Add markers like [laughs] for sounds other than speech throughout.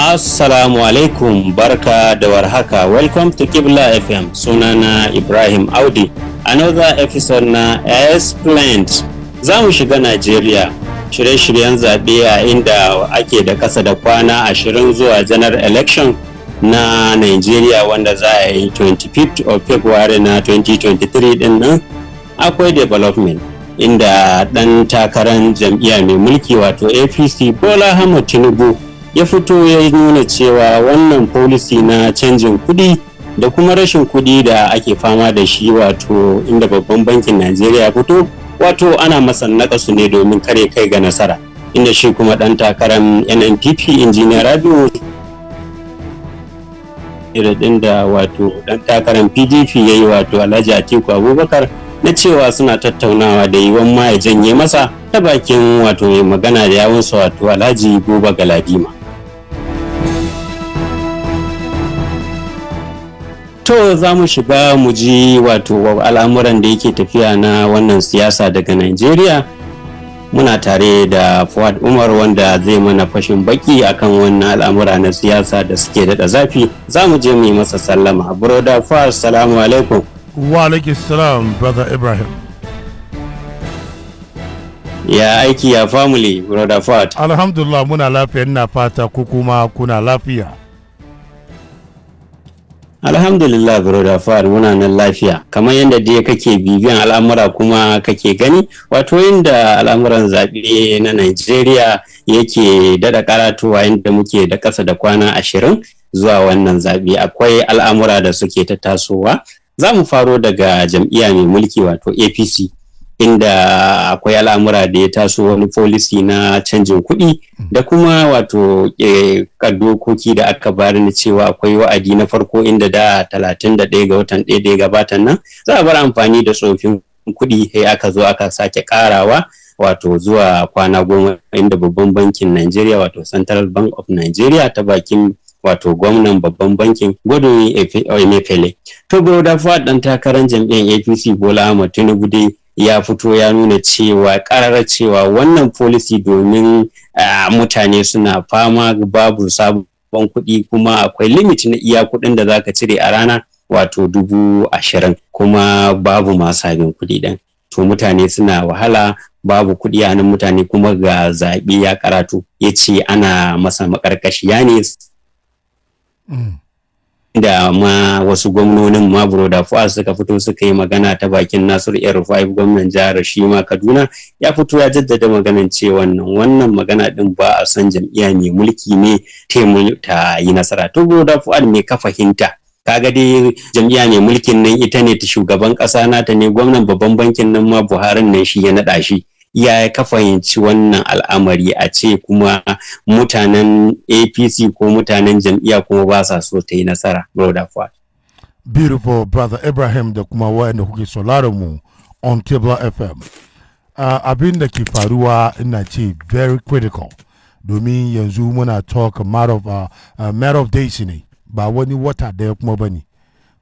Assalamu alaikum barka da warhaka welcome to Kibla FM sunana Ibrahim Audi another episode na Explained za mu shiga Najeriya shirye-shiryen zaɓe a inda ake da ƙasa da kwana ashirin zuwa janar election na Najeriya wanda za a yi 25th of February na 2023 din nan akwai development inda ɗan takarar jam'iyya mai mulki wato APC Bola Ahmed Tinubu ya fito ya nuna cewa wannan policy na canjin kuɗi da kuma rashin kuɗi da ake fama da shi wato inda babban bankin najeriya fito wato ana masa nakasu ne domin kare kai ga nasara inda shi kuma ɗan takarar nnpp injiniyar Radio irin da wato ɗan takarar pdp ya yi wato alhaji atiku abubakar na cewa suna tattaunawa da yiwuwan ma ya janye masa ta bakin wato mai magana da yawunsa wato alhaji ga galadima To za mu shiga mu ji wato al'amuran da yake tafiya na wannan siyasa daga Najeriya. Muna tare da Fuad Umar wanda zai mana fashin baki akan wannan al'amura na siyasa da suke daɗa zafi. Za mu je mu yi masa sallama. Broda Fuad, salamu alaikum. Wa alaikum salam, Brother Ibrahim. Ya aiki ya family, Broda Fuad. Alhamdulillah muna lafiya ina fata ku kuma kuna lafiya. Alhamdulillah Broda Fahad muna nan lafiya kamar yadda dai kake bibiyan al'amura kuma kake gani wato inda al'amuran zaɓe na Najeriya yake daɗa karatuwa inda muke da ƙasa da kwana ashirin zuwa wannan zaɓe akwai al'amura da suke ta tasowa za mu faro daga jam'iyya mai mulki wato APC inda akwai al'amura da ya taso wani policy na canjin kuɗi mm. da kuma wato e, dokoki da aka bayar na cewa akwai wa'adi na farko inda da 31 ga watan 1 da ya gabatan nan za a bar amfani da tsofin kuɗi sai aka zo aka sake karawa wato zuwa kwana goma inda babban bankin Najeriya wato Central Bank of Nigeria ta bakin wato gwamnan babban bankin gudun emefele to broda dafa dan takarar jam'iyyar apc bola ahmad tinubu dai ya fito ya nuna cewa ƙararra cewa wannan policy domin mutane suna fama babu sabon kuɗi kuma akwai limit na iya kuɗin da zaka cire a rana wato dubu ashirin kuma babu masu sabin kuɗi ɗin to mutane suna wahala babu kuɗi a nan mutane kuma ga zaɓe ya karatu ya ce ana masa makarkashiya ne mm. da ma wasu gwamnonin ma Broda Fuad suka fito suka yi magana ta bakin Nasiru yar Rufai gwamnan jihar shi ma Kaduna ya fito ya jaddada maganan ce wannan wannan magana din ba a san jam'iyya mai mulki ne ta yi nasara to Broda Fuad me ka fahimta kaga dai jam'iyya mai mulkin nan ita ne ta shugaban ƙasa nata ne gwamnan babban bankin nan ma Buharin nan shi ya naɗa shi ya ka fahimci wannan al'amari a ce kuma mutanen apc ko mutanen jam'iyya kuma ba sa so ta yi nasara broda fuad beautiful brother ibrahim da kuma wayanda kuke sauraron mu on table fm uh, abin da ke faruwa ina ce very critical domin yanzu muna talk matter of, uh, uh, of days ne ba wani wata daya kuma ba ne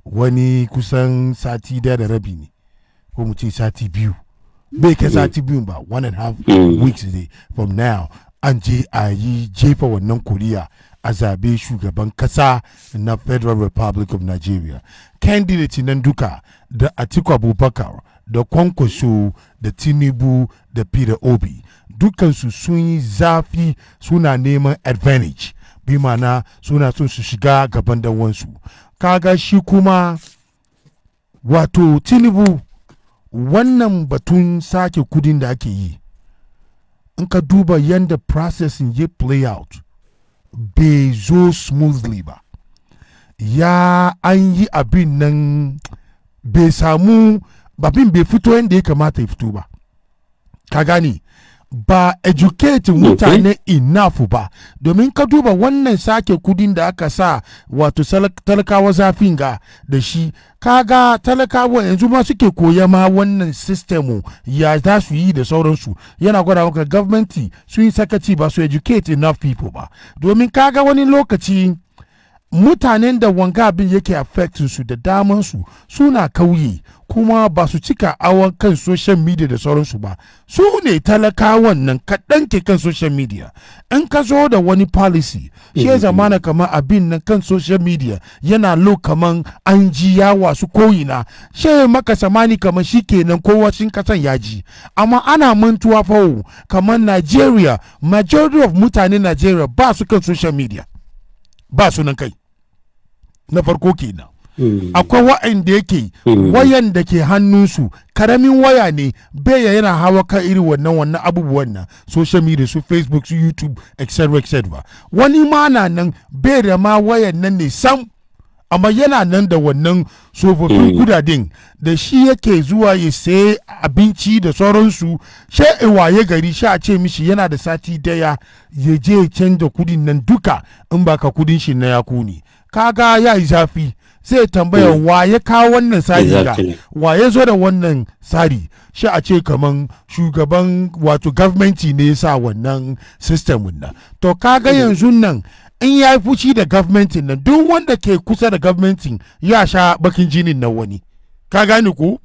wani kusan sati daya da rabi ne ko mu ce sati biyu bai kai sati biyun ba one and a half mm. weeks ne from now an je a yi jefa wannan koriya a zabe shugaban kasa na federal republic of nigeria candidate nan duka da atiku abubakar da kwankwaso da tinubu da peter obi dukansu sun yi zafi suna neman advantage bi mana suna son su shiga gaban danwansu kaga shi kuma wato tinubu wannan batun sake kudin da ake yi in ka duba yadda processing ya play out bai zo smoothly ba ya an yi abin nan bai samu abin bai fito yadda ya kamata ya fito ba ka gane ba educate mm, mutane okay. enough ba domin ka duba wannan sake kudin da aka sa wato talakawa zafin ga da shi kaga talakawa yanzu ma suke koya ma wannan sistemu ya za su yi da sauransu yana gwada maka gwamnati sun yi sakaci ba su educate enough people ba domin kaga wani lokaci mutanen da wanga abin yake affect su da daman su suna kauye kuma ba su cika awon kan social media da sauransu ba su ne talakawan nan kaɗan ke kan social media in ka zo da wani policy shi ya eh, eh, zamana eh. kamar abin nan kan social media yana lo kaman an ji yawa su koyina shi maka samani kaman shi kowa sun kasan ya ji amma ana mantuwa fawo kaman nigeria majority of mutane nigeria ba su kan social media ba sunan kai na farko kenan hmm. akwai da yake hmm. wayan da ke hannunsu karamin waya ne bai yana hawa kan irin wannan wannan abubuwan nan social media su facebook su youtube etc etc wani ma na nan bai da ma wayan nan ne sam amma yana nan da wannan tsofaffin hmm. kudaden da shi yake zuwa ya sayi abinci da sauransu sha ya gari shi a ce mishi yana da sati daya ya je canza kudin nan duka in baka kudin shi na yaku ne kaga ya yi zafi sai tambaya hmm. wa ya kawo wannan tsari ga wa ya zo da wannan tsari shi a ce kaman shugaban wato gwamnati ne sa wannan system nan to kaga hmm. yanzu nan in ya yi fushi da gwamnati nan duk wanda ke kusa da gwamnati ya sha bakin jinin na wani ka gani ku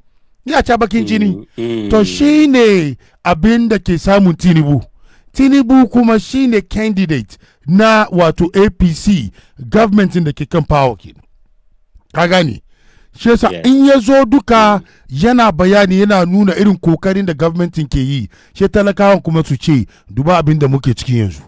ya sha bakin jini hmm, to shi ne abin da ke samun tinubu tinubu kuma shi ne candidate na wato apc gwamnatin da ke kan power ke ka gani shi yasa in ya zo duka yana bayani yana nuna irin kokarin da government ke yi shi talakawan kuma su ce duba abin da muke cikin yanzu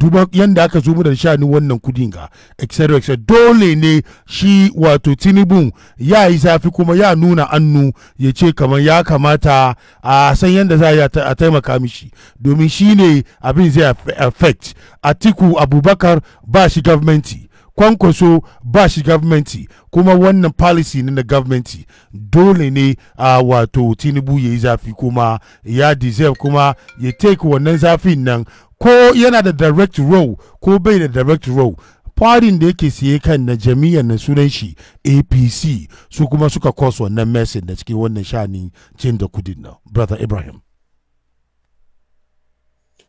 duba yadda aka zo da shani wannan kudin ga etc dole ne shi wato tinubu ya yi zafi kuma ya nuna hannu ya ce kamar ya kamata a san yadda za a taimaka mishi domin shi ne abin zai affect atiku abubakar ba shi gwamnati kwankwaso ba shi gwamnati kuma wannan policy ne na gwamnati dole ne a wato tinubu ya yi zafi kuma ya deserve kuma ya take wannan zafin nan ko yana da direct row ko bai da direct row farin da yake siye kan na jami'ar na sunan shi apc su kuma suka kos wannan message da cikin wannan shani cin da kudin na brother ibrahim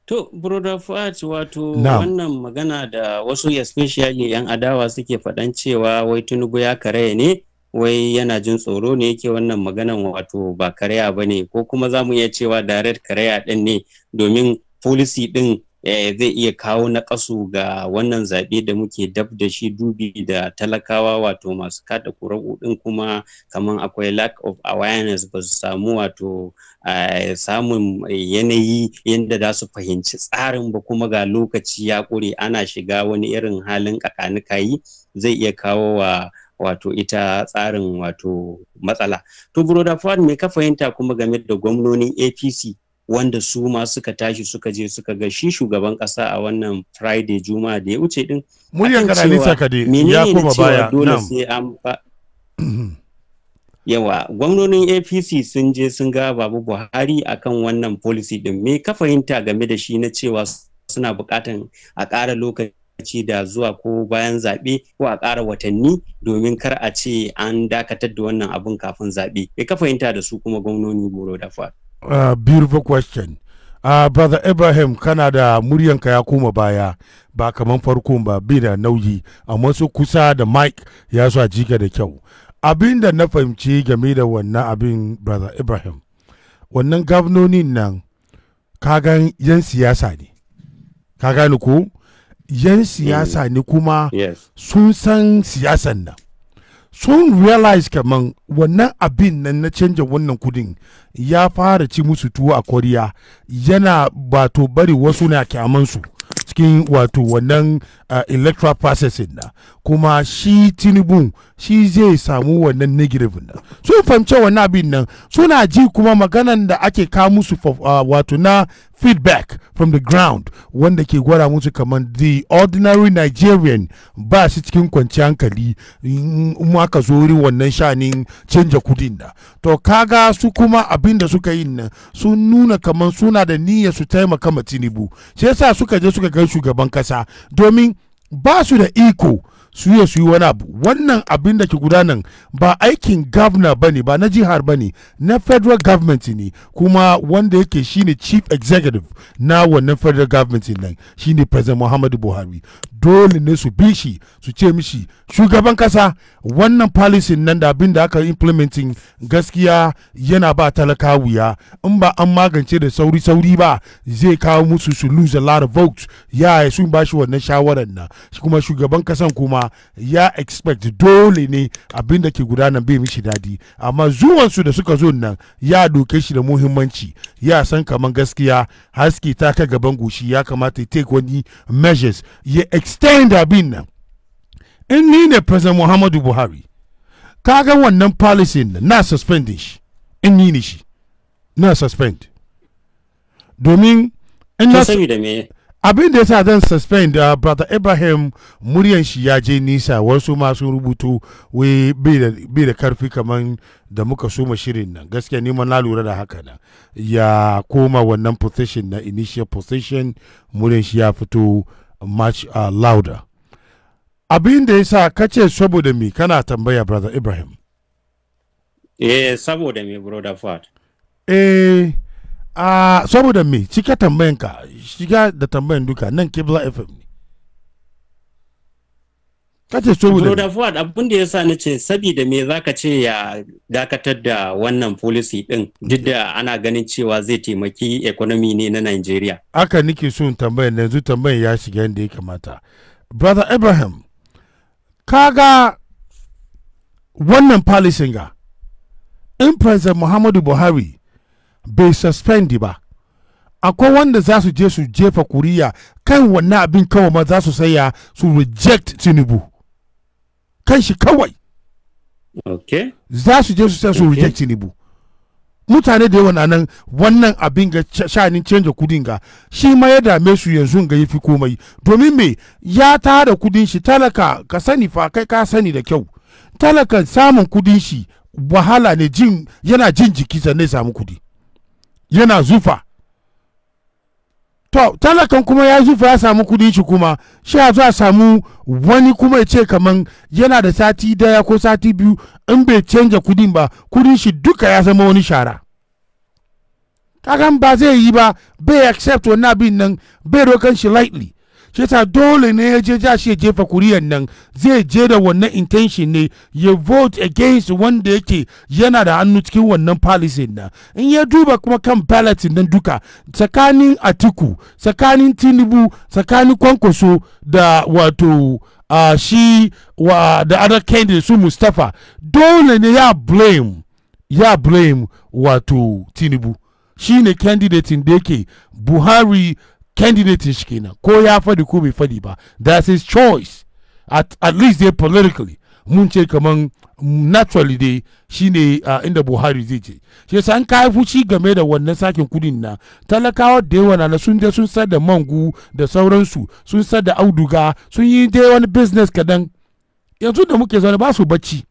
To, brother wato wannan magana da wasu especially 'yan adawa suke faɗan cewa wai Tinubu ya karaya ne, wai yana jin tsoro ne yake wannan maganan wato ba karaya ba ne, ko kuma za mu iya cewa direct karaya ɗin ne domin policy din eh, zai iya kawo na naƙasu ga wannan zaɓe da muke dab da shi dubi da talakawa wato masu kada kura'u ɗin kuma kamar akwai lack of awareness ba su samu wato eh, samun yanayi yadda za su fahimci tsarin ba kuma ga lokaci ya ƙure ana shiga wani irin halin yi, zai iya kawo wa wato ita tsarin wato matsala. To Broda ford me ka fahimta kuma game da gwamnonin APC wanda su ma suka tashi suka je suka ga shi shugaban kasa a wannan friday juma'a da ya wuce din muryan ganalisa kade ya koma baya dole sai an yawa gwamnonin apc sun je sun ga babu buhari akan wannan policy din me ka fahimta game da shi na cewa suna bukatan a kara lokaci da zuwa ko bayan zaɓe ko a kara watanni domin kar a ce an dakatar da wannan abun kafin zaɓe me ka fahimta da su kuma gwamnoni boro da fa Uh, beautiful question. Uh, brother Ibrahim kana da muryanka ya koma baya ba kaman farkon ba bi da nauyi amma su kusa da Mike ya sa jika da kyau. Abin da na fahimci game da wannan abin brother Ibrahim wannan gabnonin nan kagan yan siyasa ne. Ka ni ko? Yan siyasa mm. ne kuma yes. sun san siyasan nan. sun realize kaman wannan abin nan na canja wannan kudin ya fara ci musu tuwo a koriya yana bato bari wasu na kyamansu cikin wato wannan eh, electoral processing na kuma shi tinubu shi zai samu wannan negative nan sun fahimci wannan abin nan suna ji kuma maganan da ake kawo musu uh, wato na feedback from the ground wanda ke gwada musu kamar the ordinary nigerian ba shi cikin kwanciyar hankali in aka zo wannan shanin canja kudin da to kaga su kuma abin da suka yi nan sun nuna kamar suna da niyyar su taimaka ma tinubu shi yasa suka je suka kai shugaban kasa domin ba su da iko su yi su yi wani abu wannan abin da ke gudanan ba aikin governor ba ne ba na jihar ba ne na federal government ne kuma wanda yake shine chief executive na wannan federal government nan shine president muhammadu buhari dole ne su bi shi su ce mishi shugaban kasa wannan policy nan da abin da aka implementing gaskiya yana ba talaka wuya in ba an magance da sauri-sauri ba zai kawo musu su lose a lot of votes ya sun ba shi wannan shawarar na kuma shugaban kasan kuma ya expect dole ne abin da ke gudana bai mishi dadi amma zuwansu da suka zo nan ya doke shi da muhimmanci ya san kaman gaskiya haske ta ka gaban goshi ya kamata ya take wani measures ya stein da abin nan in ni ne president muhammadu buhari kaga wannan policy na na suspendin shi in ni ne shi na suspend domin in na abin da ya sa zan suspend uh, brother ibrahim muryan shi ya je nisa wasu ma sun rubutu wai bai da karfi kamar da muka suma shirin nan gaskiya neman na lura da haka nan ya koma wannan position na initial position muryan shi ya fito much uh, louder abin da ya sa ka ce saboda me kana tambaya brother ibrahim eh saboda me brother fat eh ah saboda me cika tambayanka shiga da tambayan duka nan kibla fm ne kace so da fuad abin da yasa na ce saboda me zaka ce ya dakatar da wannan policy din duk da ana ganin cewa zai taimaki economy ne na Nigeria aka nike so in tambayar yanzu tambayar ya shiga inda ya kamata brother Abraham kaga wannan policy ga in president Muhammadu Buhari bai suspend ba akwai wanda za su je su jefa kuriya kan wannan abin kawai ma za su saya su reject tinubu kanshi shi kawai za su je su sai su reject tinubu mutane da yawa nan wannan abin ga shanin canja kudin ga shi ma ya dame su yanzu ga yafi komai domin me ya tara kudin shi talaka ka sani fa kai ka sani da kyau talaka samun kudin shi wahala ne jin yana jin jiki sannan samu kudi yana zufa to talakan kuma ya zufa ya samu kudi shi kuma shi a zuwa samu wani kuma ya ce kaman yana da sati daya ko sati biyu in bai canja kudin ba kudin shi duka ya zama wani shara kagan ba zai yi ba bai accept wani abin nan bai dokan shi lightly shi yasa dole ne ya je ja shi ya jefa kuriyar nan zai je da wannan intention ne ya vote against wanda yake yana da hannu cikin wannan policy nan in ya duba kuma kan ballot nan duka tsakanin atiku tsakanin tinubu tsakanin kwankwaso da wato uh, shi wa da other candidate su mustapha dole ne ya blame ya blame wato tinubu shi ne candidate da yake buhari candidate shi kenan ko ya faɗi ko bai faɗi ba that's his choice at, at least dai politically mun ce kaman naturally dai shine uh, ah, inda buhari zai je shi yasa an kai fushi game da wannan sakin kudin na talakawa da yawa na sun je sun sayar da mangu da sauransu sun sayar da auduga sun yi dai wani business kadan yanzu da muke zaune ba su bacci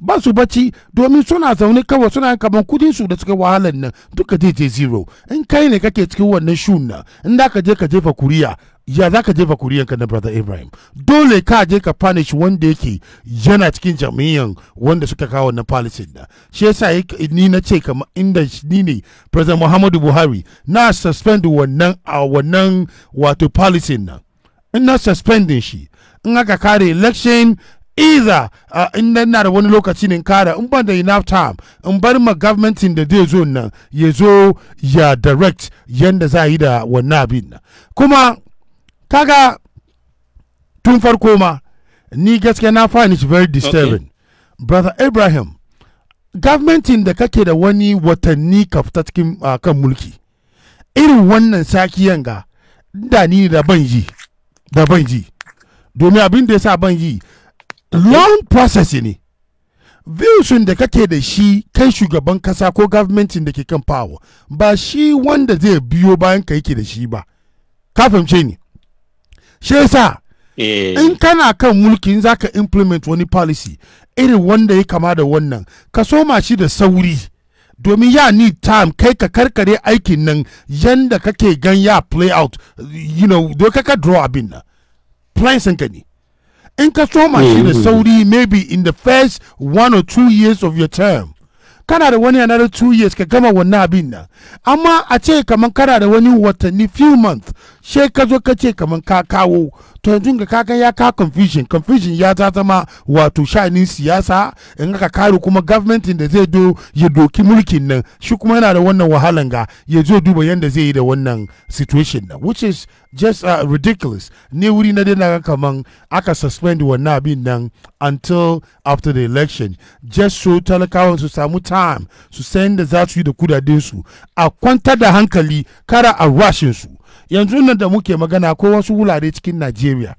ba su bacci domin suna zaune kawai suna kaman kudin su da suka wahalar nan duka zai je zero in kai ne kake cikin wannan shun nan in da ka je ka jefa kuriya ya za ka jefa kuriyan ka na brother ibrahim dole ka je ka punish wanda yake yana cikin jami'an wanda suka kawo wannan policy da shi yasa ni na ce kamar inda ni ne president muhammadu buhari na suspend wannan a wannan wato policy na ina na suspending shi in aka kare election either uh, in na da wani lokaci ne kara in ban da enough time in bar ma gwamnatin da zai zo nan uh, ya zo ya direct yanda za yi da wannan abin nan kuma kaga tun farko ma ni gaskiya na find it very disturbing brother ibrahim gwamnatin da kake da wani watanni kafta cikin uh, kan mulki irin wannan sakiyan ga da ni da ban da ban yi domin abin da ya sa ban yi long process ne vision da kake da shi kai shugaban kasa ko gwamnatin da ke kan power ba shi wanda zai biyo bayan ka yake da shi ba ka fahimce ni shi yasa eh. in kana kan mulki in zaka implement wani policy irin wanda ya kama da wannan ka soma shi da sauri domin ya need time kai ka karkare aikin nan yanda kake gan ya play out you know do kaka draw abin nan plans ka ne in control machine mm-hmm. Saudi maybe in the first one or two years of your term. kana da wani another two years ka gama wannan abin nan amma a ce kamar kana da wani watanni few months she ka zo ka ce kamar ka kawo to yanzu ga kaga ya ka confusion confusion ya ta zama wato sha'anin siyasa in aka kare kuma government da zai do ya doki mulkin nan shi kuma yana da wannan wahalan ga ya zo duba yanda zai yi da wannan situation nan which is just uh, ridiculous ne wuri na dai kaman aka suspend wannan abin nan until after the election just so talakawan su samu ta. haram su san da za su yi da kudaden su a kwanta da hankali kara a washin su yanzu nan da muke magana ko wasu wurare cikin nigeria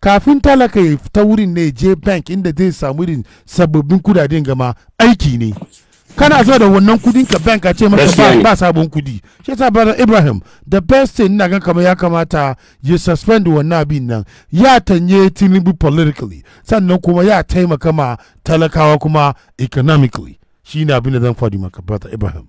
kafin talaka ya fita wurin ne je bank inda zai samu irin sababbin kudaden gama aiki ne kana zo da wannan kudin ka bank a ce maka ba, sabon kudi shi yasa brother Ibrahim the best thing na gan kamar ya kamata ya suspend wannan abin nan ya tanye Tinubu politically sannan kuma ya taimaka ma talakawa kuma economically shi ne abin da zan faɗi maka brata Ibrahim.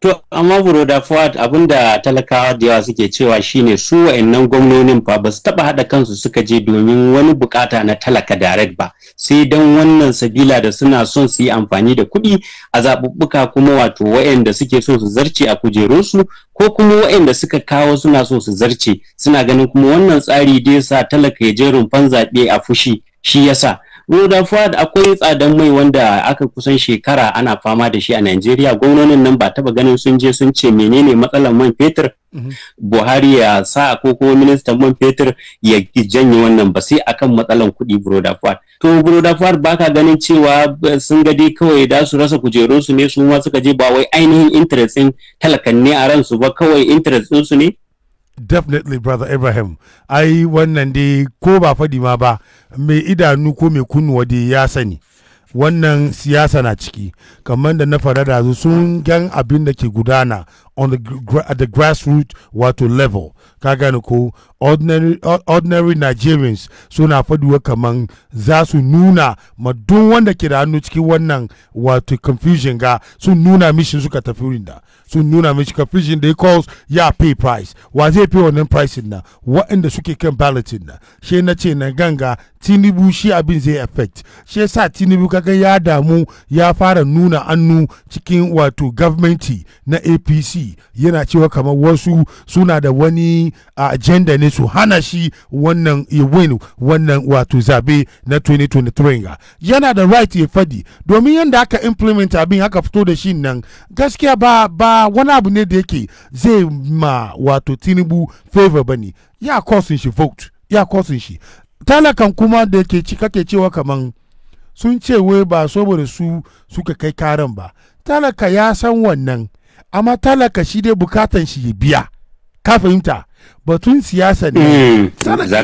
To amma Buroda Fuad abinda talakawa da yawa suke cewa shine su wa'annan gwamnonin fa ba su taba haɗa kansu suka je domin wani bukata na talaka direct ba sai don wannan sabila da suna son su yi amfani da kuɗi a zaɓuɓɓuka kuma wato wa'anda suke so su zarce a kujerunsu ko kuma wa'anda suka kawo suna so su zarce suna ganin kuma wannan tsari dai sa talaka ya je rumfan zaɓe a fushi shi yasa Roda akwai tsadan mai wanda aka kusan shekara ana fama da shi a Najeriya gwamnonin nan ba taba ganin sun je sun ce menene matsalar man fetur mhm. Buhari ya sa ko kuma ministan man fetur ya janye wannan ba sai akan matsalar kuɗi Roda To Roda Fuad ka ganin cewa sun gadi kawai da su rasa su ne su ma suka je ba wai ainihin interest ɗin talakan ne a ransu ba kawai interest su ne definitely brother ibrahim ai wannan dai ko ba faɗi ma ba mai idanu ko mai kunnuwa dai ya sani wannan siyasa na ciki kamar da na fara da sun gan abin da ke gudana on the at the grassroots wato level ka gane ko ordinary ordinary Nigerians suna faduwa kaman za su nuna ma duk wanda ke da hannu cikin wannan wato confusion ga sun nuna mishi suka tafi wurin da sun nuna mishi confusion da calls ya pay price wa zai pay wannan pricing na waɗanda suke kan balloting na she na ce na ganga tinibu shi abin zai affect shi sa tinibu kaga ya damu ya fara nuna hannu cikin wato gwamnati na apc shi yana cewa kamar wasu suna da wani agenda ne su hana shi wannan win wannan wato zabe na 2023 ga yana da right ya fadi domin yadda aka implement abin haka fito da shi nan gaskiya ba ba wani abu ne da yake zai ma wato tinubu favor bane ya kosin shi vote ya kosin shi talakan kuma da ke kake cewa kaman sun ce wai ba saboda su suka kai karan ba talaka ya san wannan amma talaka shi dai bukatan shi ya biya ka fahimta batun siyasa ne mm,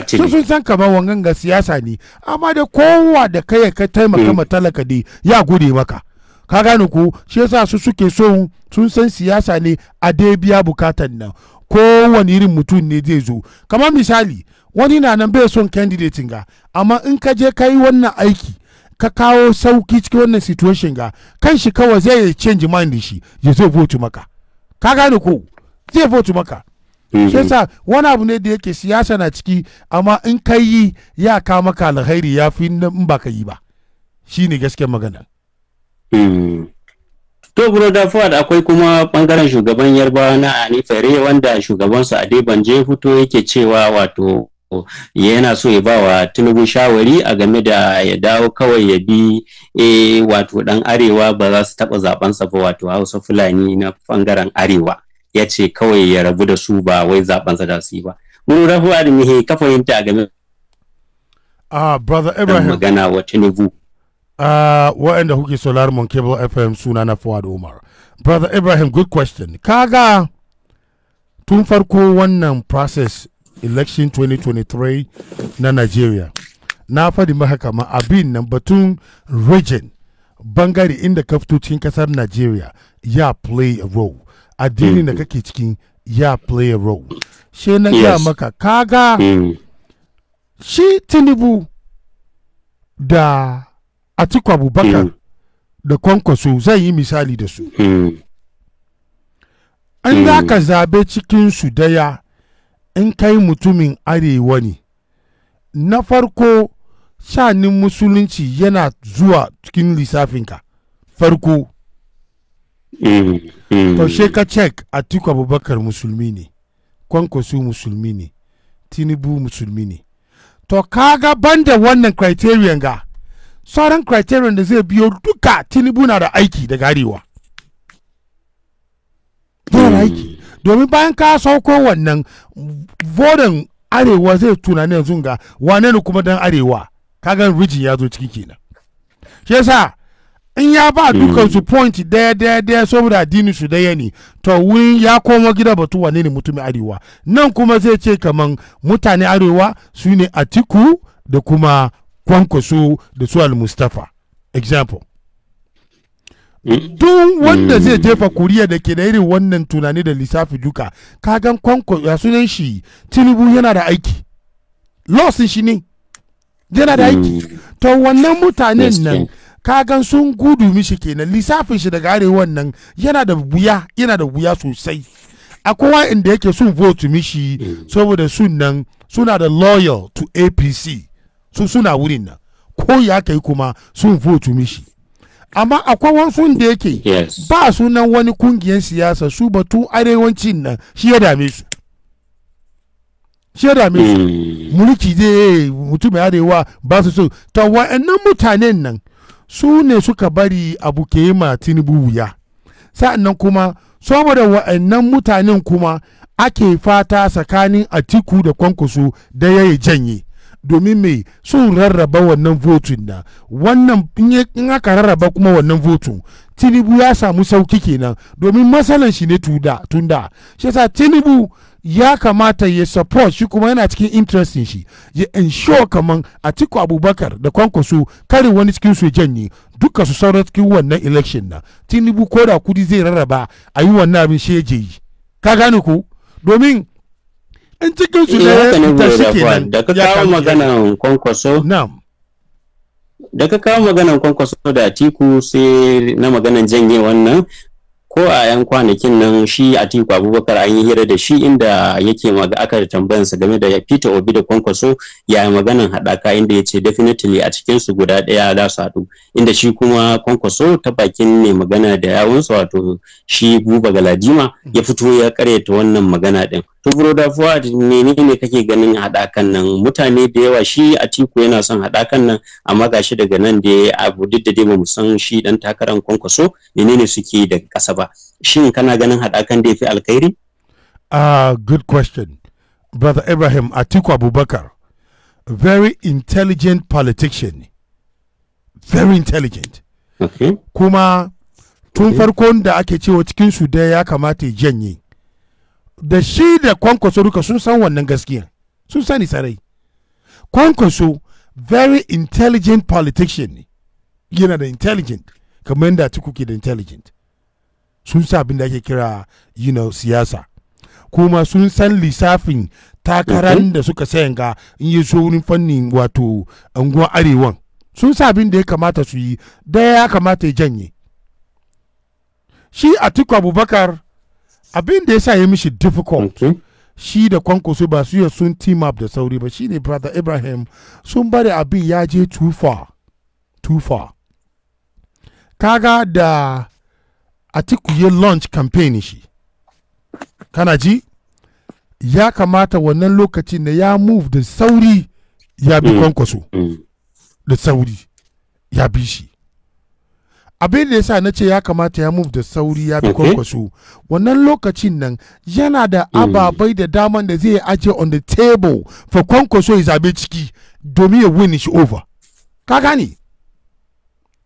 su sun san kamar wangan ga siyasa ne amma da kowa da kai ka taimaka mm. ma talaka ne ya gode maka ka gane ku shi yasa su suke so sun san siyasa ne a dai biya bukatan nan kowane irin mutum ne zai zo kamar misali wani na nan bai son candidate ga amma in ka je ka wannan aiki ka kawo sauki cikin wannan situation ga kan shi kawai zai change mind shi ya zai vote maka ka gane ko zai vote maka mhm. shi yasa wani abu ne da yake siyasa na ciki amma in ka yi ya ka maka alkhairi ya fi in ba ka yi ba shi ne gaskiyar magana mhm. to broda fuad akwai kuma bangaren shugaban yarbawa na anifere wanda shugabansa adebanje fito yake cewa wato yana so ya bawa tinubu shawari a game da ya dawo kawai ya bi e wato dan arewa ba za su taba sa ba wato hausa fulani na bangaren arewa ya ce kawai ya rabu da su ba wai sa da su yi ba mun rahuwa da mihe ka fahimta a game ah brother ibrahim magana wa tinubu uh, ah, wa'anda kuke solar mon cable fm suna na fawad umar brother ibrahim good question kaga tun farko wannan process election 2023 na nigeria na faɗi mahakama abin nan batun region bangare inda ka fito cikin kasar nigeria ya play a role addini da mm. kake cikin ya play a role she na maka kaga mm. shi tinubu da atiku abubakar mm. da kwankwaso zan yi misali da su An in za ka zabe cikinsu daya in kai mutumin arewa ne na farko shanin musulunci yana zuwa cikin lissafinka farko to mm, mm. ka cek atiku abubakar musulmi ne kwankwasu musulmi ne tinubu musulmi ne to kaga banda wannan criterion ga sauran criterion da zai biyo duka tinubu na da aiki daga arewa mm. aiki domin bayan ka sauko wannan vodan arewa zai tunani yanzu ga wane ne kuma dan arewa kaga rijin ya zo ciki kenan shi yasa in ya ba hmm. dukan su point daya daya daya saboda addinin su daya ne to wurin ya komo gida batu wane ne mutumin arewa nan kuma zai ce kaman mutane arewa su ne atiku da kuma kwankwaso da su al example duk wanda hmm. zai jefa kuriya da ke da irin wannan tunani da lissafi duka kagan kwanko ya sunan shi tinubu yana da aiki losin shi ne yana da aiki hmm. to wannan mutanen nan kagan sun gudu mishi kenan lissafin shi daga arewan nan yana da buya yana da buya sosai akwai inda yake sun vote mishi hmm. saboda sun nan suna da loyal to apc su suna wurin nan ko ya kai kuma sun vote mishi amma akwai wasu da yake ba sunan wani kungiyar siyasa su batu arewanci nan shi ya dame su shi ya dame su hmm. mulki zai mutum arewa ba su so ta wa'annan mutanen nan su ne suka bari abu ke ma tinubu wuya sa'annan kuma saboda wa'annan mutanen kuma ake fata tsakanin atiku da kwankwaso da ya janye domin mai sun rarraba wannan votun na wannan in aka rarraba kuma wannan votun tinubu ya samu sauki kenan domin matsalan shi ne tunda shi yasa tinubu ya kamata ya support shi kuma yana cikin interestin shi ya ensure kaman atiku abubakar da kwankwaso kare wani cikin su janye duka su sauran cikin wannan election na tinubu ko da kudi zai rarraba a yi wannan abin shi ya je yi ka gane ko domin in cikin su ne ta shi kenan da ka kawo maganan kwankwaso da ka kawo maganan kwankwaso da atiku sai na maganan janye wannan ko a yan kwanakin nan shi atiku abubakar an yi hira da shi inda yake maga aka tambayansa game da peter obi da kwankwaso ya yi maganan haɗaka inda ya ce definitely a cikinsu guda ɗaya za su haɗu inda shi kuma kwankwaso ta bakin ne magana da yawunsa wato shi buba galadima ya fito ya karyata wannan magana ɗin to da fuad menene kake ganin haɗakan nan mutane da yawa shi atiku yana son haɗakan nan amma gashi daga nan da abu duk da dai mu san shi dan takarar kwankwaso menene suke da ƙasa ba shin kana ganin haɗakan da ya fi alkhairi ah good question brother ibrahim atiku abubakar very intelligent politician very intelligent okay. kuma tun farkon da ake cewa cikin su da ya kamata ya janye da shi da kwankwaso duka sun san wannan gaskiya sun sani sarai kwankwaso very intelligent politician ne yana da intelligent kamar yadda tuku ke da intelligent sun sa abin da ake kira you know, siyasa kuma sun san lissafin takarar da suka sayan ga in yi so fannin wato anguwan arewan sun sa abin da ya kamata su yi daya ya kamata ya janye shi a atiku abubakar abin da ya sa ya mishi difficult shi da kwankwaso ba su yi sun team up da sauri ba shine brother ibrahim sun bari abin ya je too far too far kaga da atiku ya launch campaign shi kana ji ya kamata wannan lokacin na ya move da sauri ya bi mm. kwankwaso mm. da sauri ya bi shi abin da sa na ce ya kamata ya move da sauri ya bi kwankwaso wannan lokacin nan yana da mm. ababai da daman da zai aje on the table fa kwankwaso ya zabe ciki domin ya win shi over ka gani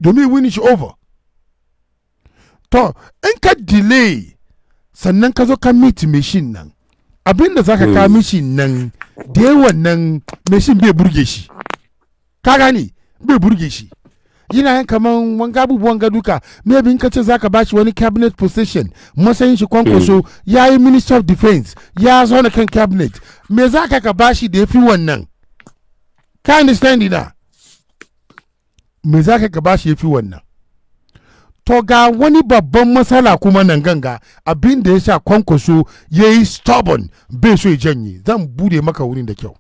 domin ya win shi over to in ka delay sannan ka zo ka meet machine nan abin da za ka mm. mishi nan da yawan nan machine bai burge shi ka gani bai burge shi yana yin kaman wanga abubuwan ga duka maybe ka ce zaka bashi wani cabinet position matsayin shi kwankwaso hmm. ya yi minister of defense ya zauna kan cabinet me za ka ka bashi da ya fi wannan ka understand ina me za ka ka bashi ya fi wannan to ga wani babban matsala kuma nan ganga abin da ya sha kwankwaso ya yi stubborn bai so ya janye zan bude maka wurin da kyau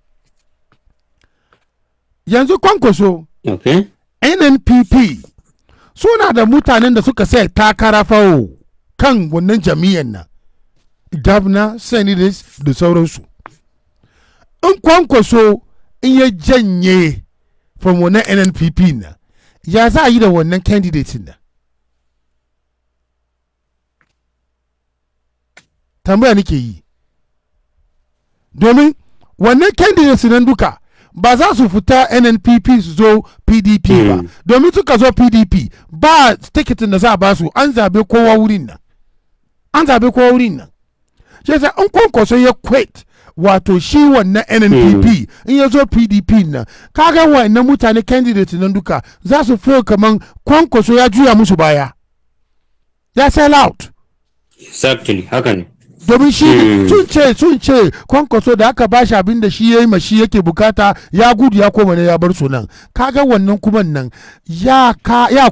yanzu kwankwaso okay. nnpp suna da mutanen da suka sai takara fawo kan wannan jami'an nan gavna senators da sauransu in kwankwaso in ya janye from wannan nnpp na ya za a yi da wannan candidate na tambaya nake yi domin wannan candidate nan duka ba za su fita nnpp su zo pdp ba hmm. domin suka zo pdp ba tikitin da za a basu an zabe kowa wurin nan an zabe kowa wurin nan shi yasa in kwankwaso ya quit wato shi wannan nnpp hmm. in ya zo pdp nan kaga na mutane candidate nan duka za su feel kaman kwankwaso ya juya musu baya ya sell out exactly haka ne domin shi eh. sun ce sun ce kwankwaso da aka bashi abin da shi ya yi shi yake bukata ya gudu ya koma ne ya bar su nan kaga wannan kuma nan ya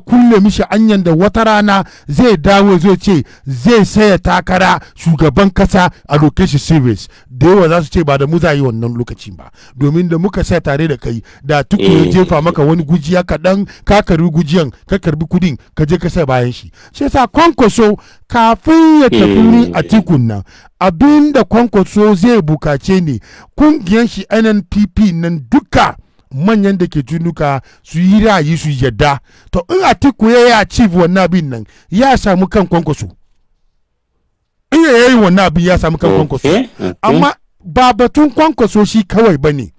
kulle mishi anyan da wata rana zai dawo zai ce zai saya takara shugaban kasa a location service da yawa za su ce ba da mu za yi wannan lokacin ba domin da muka saya tare da kai da tuku ya eh. jefa maka wani gujiya kaɗan ka karbi gujiyan ka karbi kudin ka je ka sai bayan shi shi sa kwankwaso kafin ya tafi eh. a tikun nan abin da kwankwaso zai bukace ne kungiyar shi nnpp nan duka manyan da ke tunuka su yi rayu su yadda to in atiku ya yi achieve wannan abin nan ya samu kan kwankwaso in ya yi wannan abin ya samu kan kwankwaso amma ba batun kwankwaso shi kawai ba ne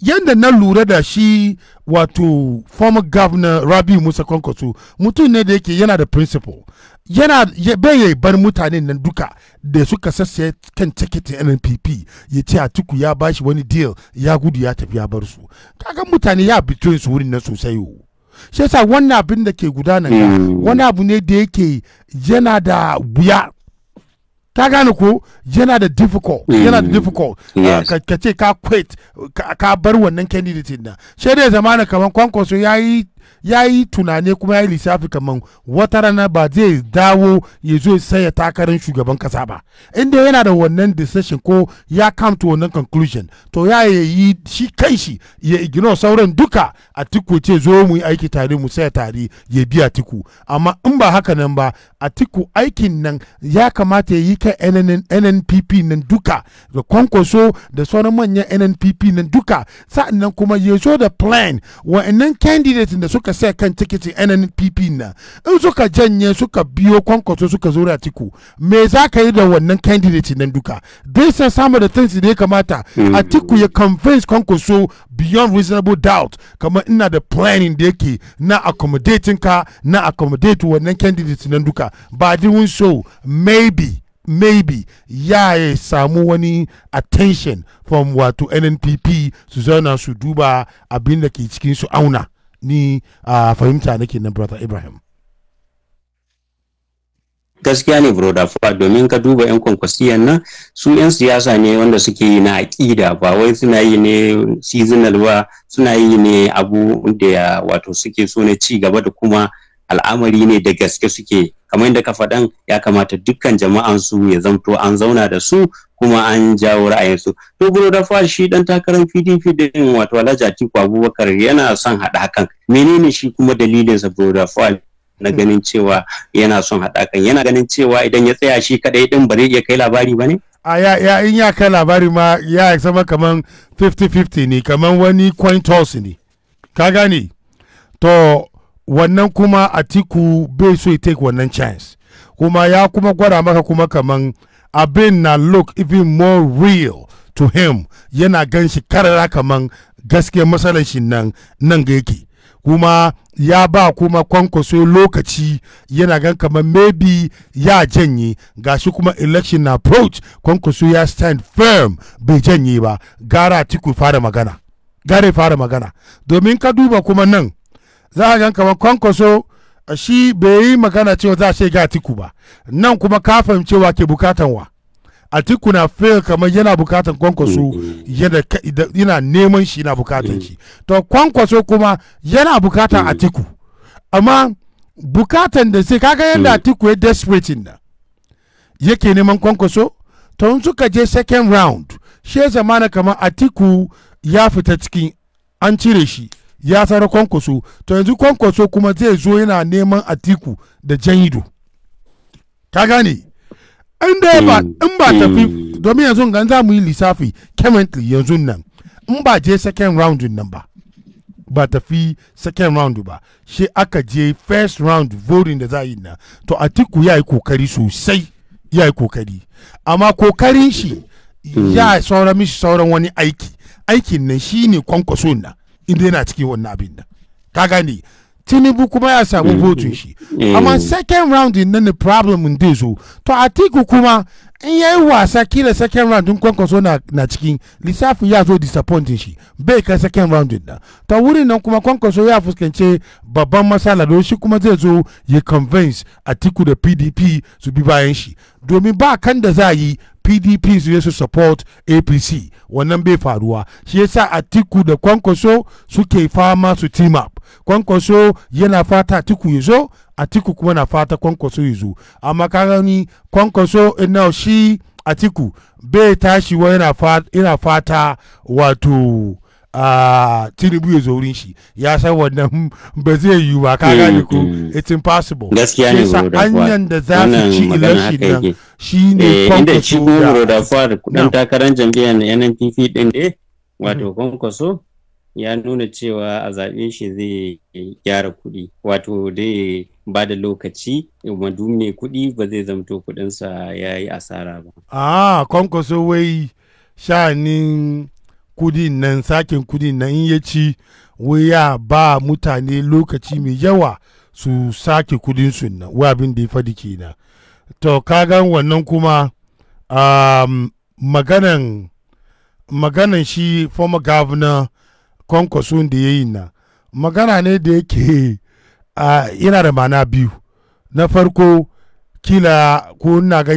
yadda na lura da shi wato former governor rabi musa kwankwaso mutum ne da yake yana da principle yana bai ya bar mutane nan duka da suka sassa kan tikitin nnpp ya ce a tuku ya bashi wani deal ya gudu ya tafi ya bar su kaga mutane ya bi su wurin nan sosai yau shi yasa wannan abin da ke gudana hmm. wani abu ne da yake yana da wuya ta gane ko yana da difficult mm. yana da difficult ka ce ka quit ka bar wannan candidate na sai dai zamanin kamar kwankwaso ya yi ya yi tunani kuma ya yi lissafi kamar wata rana ba zai dawo ya zo saya takarar shugaban kasa ba inda yana da wannan decision ko ya come to wannan conclusion to ya yi shi kai shi ya ignore sauran duka a tiku ce zo mu yi aiki tare mu saya tare ya biya tiku amma in ba haka nan ba a tiku aikin nan ya kamata ya yi ka nnpp nan duka da kwankwaso da sauran manyan nnpp nan duka sa'annan kuma ya zo da plan wa'annan candidate da suka ka sai kan tikitin nnpp na in suka janye suka biyo kwankwaso suka zo da tiku me za ka yi da wannan candidate nan duka bisa samu da tansi da ya kamata a hmm. tiku ya convince kwankwaso beyond reasonable doubt kamar ina da planning da yake na accommodating ka na accommodate wannan candidate nan duka ba doing so maybe maybe ya samu wani attention from wato nnpp su zauna su duba abin da ke cikin su auna ni a fahimta nake na brother ibrahim gaskiya ne broda fuwa domin ka duba 'yan kwankwasiyan nan su 'yan siyasa ne wanda suke yi na aƙida ba wai suna yi ne seasonal ba suna yi ne abu da wato suke so ne ci gaba da kuma al'amari ne da gaske suke kamar yadda ka faɗan ya kamata dukkan jama'an su ya zamto an zauna da su kuma an jawo ra'ayinsu to bulo da fa shi dan takarar pdp din wato alhaji atiku abubakar yana son haɗa hakan menene shi kuma dalilinsa bulo da fa na ganin cewa yana son haɗa kan yana ganin cewa idan ya tsaya shi kaɗai din ba zai kai labari ba ne a ya, ya in ya kai labari ma ya zama kaman 50-50 ne kaman wani coin toss ne ka gane to wannan kuma atiku bai so ya take wannan chance kuma ya kuma gwada maka kuma kaman abin na look even more real to him yana gan shi karara kaman gaskiyar matsalar shi nan nan ga yake kuma ya ba kuma kwankwaso lokaci yana gan kamar maybe ya janye gashi kuma election approach kwankwaso ya stand firm bai janye ba gara tiku fara magana gare fara magana domin ka duba kuma nan za a gan kamar kwankwaso shi bai yi magana cewa za a shiga atiku ba nan kuma ka wa ke bukatan wa atiku na feel kamar yana bukatan kwankwaso mm-hmm. yana neman shi na bukatan shi mm-hmm. to kwankwaso kuma yana bukatan mm-hmm. atiku amma bukatan da sai kaga yadda atiku ya desperate na yake neman kwankwaso to in suka je second round shi zamana kamar atiku ya fita cikin an cire shi ya tsara kwankwaso to yanzu kwankwaso kuma zai zo yana neman atiku da jan ido ka gane in da ba mm, in ba tafi mm. domin yanzu ga za mu yi lissafi currently yanzu nan in ba je second round nan ba ba tafi second round ba shi aka je first round voting da za yi nan to atiku ya yi kokari sosai ya yi kokari amma kokarin shi mm. ya saura mishi sauran wani aiki aikin nan shine kwankwaso nan inda yana cikin wannan abin da ka gani tinubu kuma ya samu mm-hmm. votun shi mm-hmm. amma second round din nan problem din zo to atiku kuma in yayi wasa kila second round din kwankwaso na, na cikin lissafin ya zo disappointing shi bai kai second round din nan ta wurin nan kuma kwankwaso ya fuskance babban matsala don shi kuma zai zo ya convince tiku da pdp su bi bayan shi domin ba kan da za yi pdp su su support apc wannan bai faruwa shi yasa atiku da kwankwaso suke fama su team up kwankwaso yana fata atiku ya zo atiku kuma na fata kwankwaso ya zo amma ka gani kwankwaso ina eh, shi atiku bai tashi wa yana fata wato a tinubu ya zo wurin shi ya san wannan [laughs] ba zai yiwu ba ka hmm, gane ko hmm. it's impossible gaskiya ne hanyar da za su ci election nan eh, shi ne kwankwaso da inda kudin takarar jam'iyyar nnpp din ne wato hmm. kwankwaso ya nuna cewa a zaɓe shi zai gyara kuɗi wato dai ba da lokaci madume kuɗi ba zai zamto kuɗinsa ya yi asara ba. Ah, kwankwaso wai sha'anin kudin nan sakin kudin nan in ya ci wuya ba mutane lokaci mai yawa su sake kudin su nan wa abin da ya faɗi kenan to kagan wannan kuma um, maganan maganan shi former governor konkosun da ya yi na magana ne da yake uh, yana da mana biyu na farko kila ko ga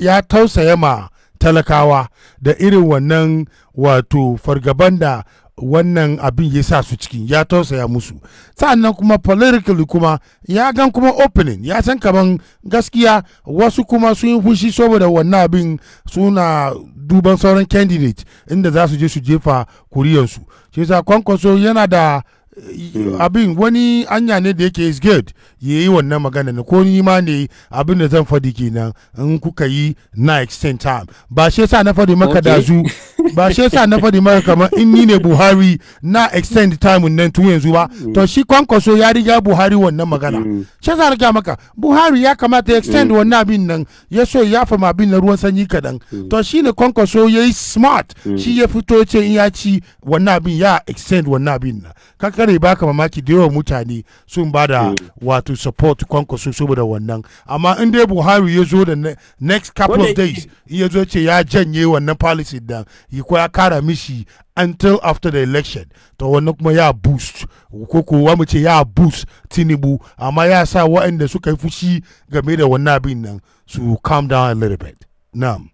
ya tausaya ma talakawa da irin wannan wato fargaban da wannan abin ya sa su cikin ya tausaya musu sannan kuma politically kuma ya gan kuma opening ya san kaman gaskiya wasu kuma sun yi fushi saboda wannan abin suna duban sauran candidate inda za su je su jefa kuriyarsu shi sa kwankwaso yana da Eh, abin wani anya ne da yake is good ya yi wannan magana ne ko ni ma ne abin da zan faɗi kenan in kuka yi na extend time ba shi yasa na faɗi maka da zu [laughs] ba shi yasa na faɗi maka kamar in ni ne buhari na extend time nan tun yanzu ba mm. to shi kwankwaso ya riga buhari wannan magana mm. shi yasa riga maka buhari ya kamata ya mm. extend wannan abin nan ya so ya fama abin na ruwan sanyi kaɗan to shi ne kwankwaso ya yi smart shi ya fito ce in ya ci wannan abin ya extend wannan abin nan kakare baka mamaki da yawan mutane sun ba da wato support kwankwaso saboda wannan amma in dai buhari ya zo da next couple of days ya zo ce ya janye wannan policy da ko ya kara mishi until after the election to wannan kuma ya boost ko wa mu ce ya boost tinubu amma ya sa wa'anda suka yi fushi game da wannan abin nan su calm down a little bit na'am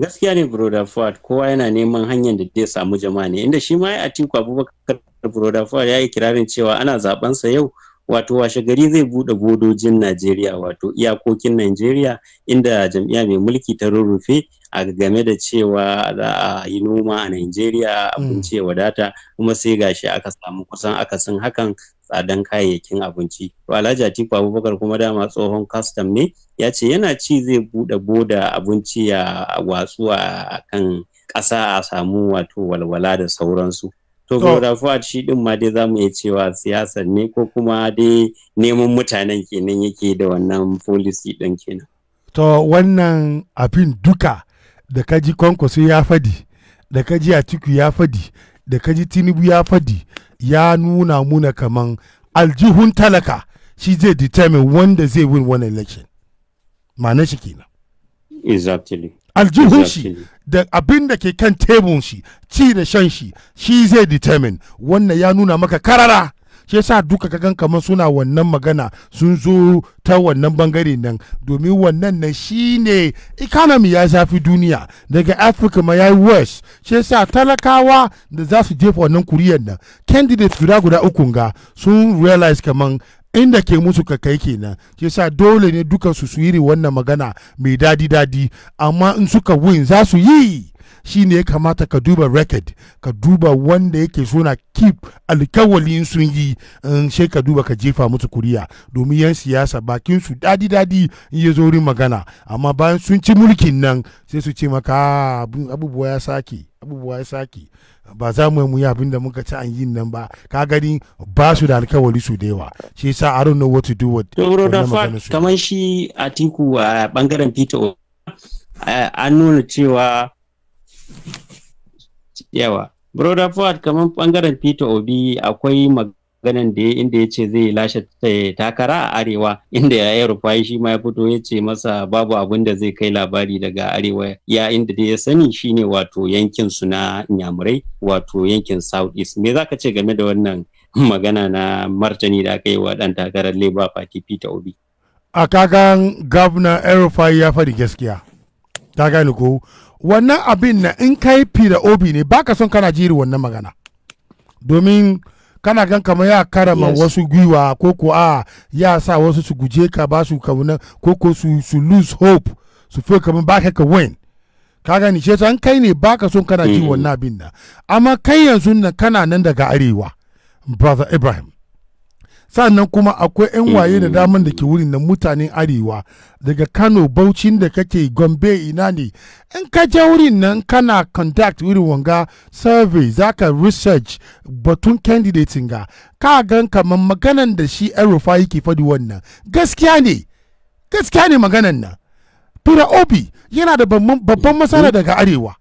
gaskiya ne broda fuad kowa yana neman hanyar da zai samu jama'a ne inda shi ma ya atiku abubakar broda fuad ya yi kirarin cewa ana zabansa yau wato washe gari zai bude bodojin najeriya wato iyakokin najeriya inda jam'iyya mai mulki ta rurrufe a game da cewa za a yi noma a Najeriya abinci mm. ya wadata kuma sai gashi aka samu kusan akasin hakan tsadan kayayyakin abinci. To Alhaji Atiku Abubakar kuma dama tsohon kastam ne ya ce yana ci zai buɗe boda abinci ya watsu a kan ƙasa a samu wato walwala da sauransu. To a shi ɗin ma dai mu iya cewa siyasar ne ko kuma dai neman mutanen kenan yake da wannan policy ɗin kenan. To wannan abin duka da kaji kwankwaso ya fadi da kaji atiku ya fadi da kaji tinubu ya fadi ya nuna muna kaman aljihun talaka shi zai determine wanda zai win wani election Ma'ana shi kenan exactly aljihun shi da abin da ke kan tebun shi ci da shan shi shi zai determine wannan ya nuna maka karara shi yasa duka gan kamar suna wannan magana sun zo ta wannan bangare nan domin wannan nan shine economy ya zafi duniya daga africa ma ya yi west shi yasa talakawa da za su jefa wannan kuriyar nan candidates guda guda ukun ga sun realize kaman inda ke musu ka kai kenan shi yasa dole ne duka su su yi wannan magana mai dadi dadi amma in suka win za su yi ne ya kamata ka duba record ka duba wanda yake so na keep alkawalin sun yi sai ka duba ka jefa musu kuriya domin yan siyasa bakin su dadi dadi in ya zo magana amma bayan sun ci mulkin nan sai su ce maka ah, abubuwa ya sake abubuwa ya sake ba za mu mu yi abin da muka ci an yin nan ba ka gani ba su da alkawari su da yawa shi yasa i don't know what to do with kamar shi atiku a bangaren peter an nuna cewa yawa brother ford kamar bangaren peter obi akwai maganan da inda ya ce zai lashe takara a arewa inda ya yi rufayi shi ma ya fito ya ce masa babu abin da zai kai labari daga arewa ya inda dai ya sani shine wato yankin su na nyamurai wato yankin south east me zaka ce game da wannan magana na martani da aka yi wa dan takarar labour party peter obi a kagan erufai ya faɗi gaskiya ta gane ko wannan abin na in kai fira obi ne baka son kana jiri wannan magana domin kana gan kamar ya karama yes. wasu gwiwa ko ko a ya sa wasu su guje ka ba su kauna ko ko su su lose hope su feel kamar ba ka ka win ka gani ce an kai ne baka son kana ji mm. wannan abin na amma kai yanzu nan kana nan daga arewa brother ibrahim sannan kuma akwai 'yan waye da mm. daman da ke wurin na mutanen arewa daga kano bauchi da kake gombe ina ne in ka je wurin nan kana contact wurin wanga survey zaka research batun candidating ga ka gan kamar maganan da shi yan yake faɗi wannan gaskiya ne gaskiya ne maganan nan tura obi yana da babban masana mm. daga arewa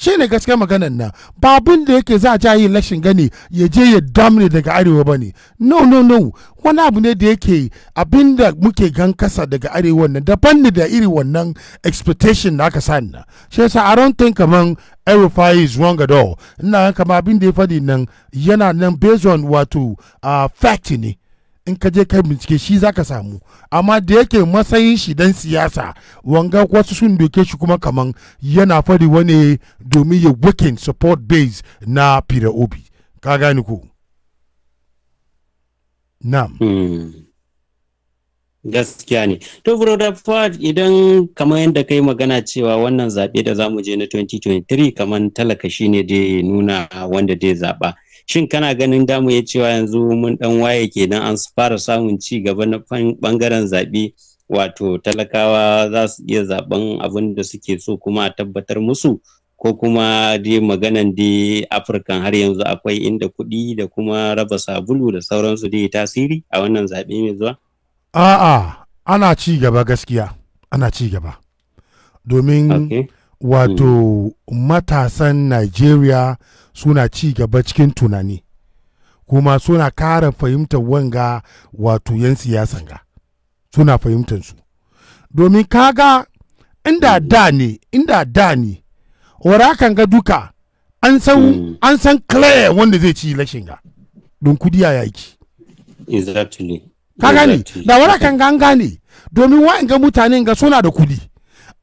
shi ne gaske maganan nan ba abin da yake za a ja yi lashin gani ya je ya damne daga arewa ba ne no no no wani abu ne da yake abin da muke gan kasa daga arewa nan daban ne da iri wannan expectation da aka sani na shi yasa i don't think kaman erify is wrong at all ina kama abin da ya faɗi nan yana nan based on wato uh, fact ne in ka je kai bincike shi za ka samu amma da yake matsayin shi dan siyasa wanga wasu sun doke shi kuma kaman yana fari wani domin ya wakin support base na pira obi ka gani ko na'am hmm. gaskiya ne to broda fad idan kamar yadda kai magana cewa wannan zaɓe da zamu je na 2023 kaman talaka shine dai nuna wanda dai zaɓa shin kana ganin damu ya cewa yanzu mun dan waye kenan an fara samun ci gaba na bangaren zaɓe wato talakawa za su iya zaben abin da suke so kuma a tabbatar musu ko kuma dai maganan dai afirkan har yanzu akwai inda kuɗi da kuma raba sabulu da sauransu dai tasiri a wannan zaɓe mai zuwa? a'a ana ci gaba gaskiya ana ci gaba domin okay. wato hmm. matasan Najeriya suna ci gaba cikin tunani kuma suna kara fahimtar wanga wato 'yan siyasan ga suna fahimtar su domin kaga inda hmm. da ne inda da ne kan ga duka an san hmm. an san clear wanda zai ci lashin ga don kudi ya yaki exactly ka gane da kan ga an gane domin wa'in ga mutanen ga suna da kudi